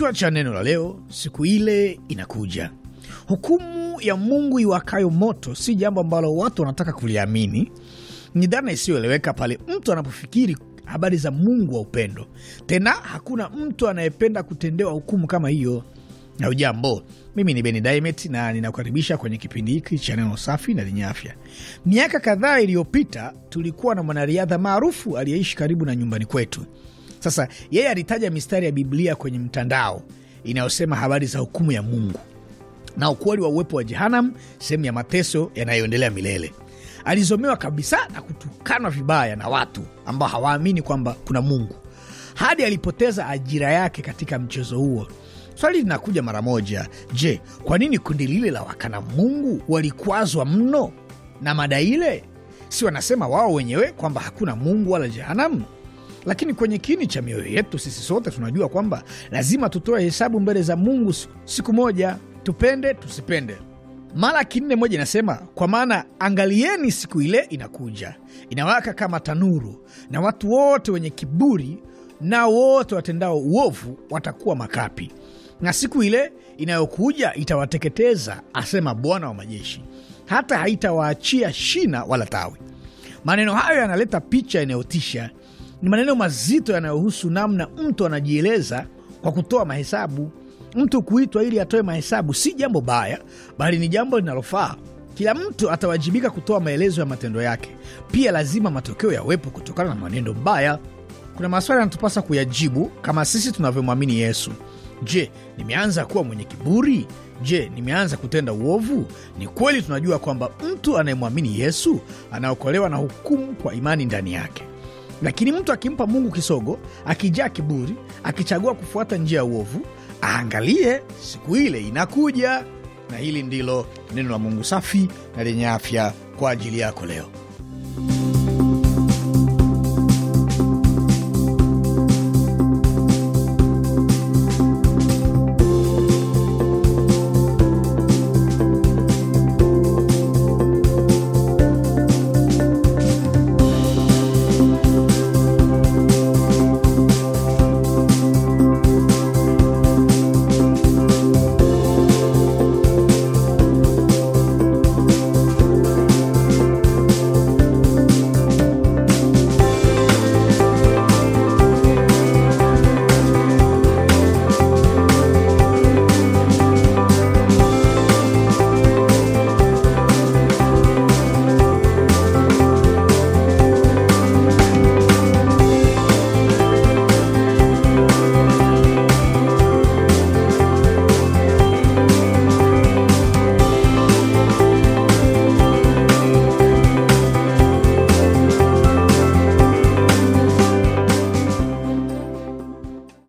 Kichwa cha neno la leo, siku ile inakuja. Hukumu ya Mungu iwakayo moto si jambo ambalo watu wanataka kuliamini. Ni dhana isiyoeleweka pale mtu anapofikiri habari za Mungu wa upendo. Tena hakuna mtu anayependa kutendewa hukumu kama hiyo. Na ujambo, mimi ni Beni Daimet na ninakukaribisha kwenye kipindi hiki cha neno safi na lenye afya. Miaka kadhaa iliyopita tulikuwa na mwanariadha maarufu aliyeishi karibu na nyumbani kwetu. Sasa yeye alitaja mistari ya Biblia kwenye mtandao inayosema habari za hukumu ya Mungu na ukweli wa uwepo wa Jehanam, sehemu ya mateso yanayoendelea milele. Alizomewa kabisa na kutukanwa vibaya na watu ambao hawaamini kwamba kuna Mungu, hadi alipoteza ajira yake katika mchezo huo. Swali linakuja mara moja: je, kwa nini kundi lile la wakana Mungu walikwazwa mno na mada ile? Si wanasema wao wenyewe kwamba hakuna Mungu wala jehanamu? lakini kwenye kini cha mioyo yetu sisi sote tunajua kwamba lazima tutoe hesabu mbele za Mungu siku moja, tupende tusipende. Malaki nne moja inasema, kwa maana angalieni, siku ile inakuja inawaka kama tanuru, na watu wote wenye kiburi na wote watendao uovu watakuwa makapi, na siku ile inayokuja itawateketeza, asema Bwana wa majeshi, hata haitawaachia shina wala tawi. Maneno hayo yanaleta picha inayotisha ni maneno mazito yanayohusu namna mtu anajieleza kwa kutoa mahesabu. Mtu kuitwa ili atoe mahesabu si jambo baya, bali ni jambo linalofaa. Kila mtu atawajibika kutoa maelezo ya matendo yake. Pia lazima matokeo yawepo kutokana na mwenendo mbaya. Kuna maswali yanatupasa kuyajibu kama sisi tunavyomwamini Yesu. Je, nimeanza kuwa mwenye kiburi? Je, nimeanza kutenda uovu? Ni kweli tunajua kwamba mtu anayemwamini Yesu anaokolewa na hukumu kwa imani ndani yake. Lakini mtu akimpa Mungu kisogo, akijaa kiburi, akichagua kufuata njia ya uovu, aangalie siku ile inakuja. Na hili ndilo neno la Mungu safi na lenye afya kwa ajili yako leo.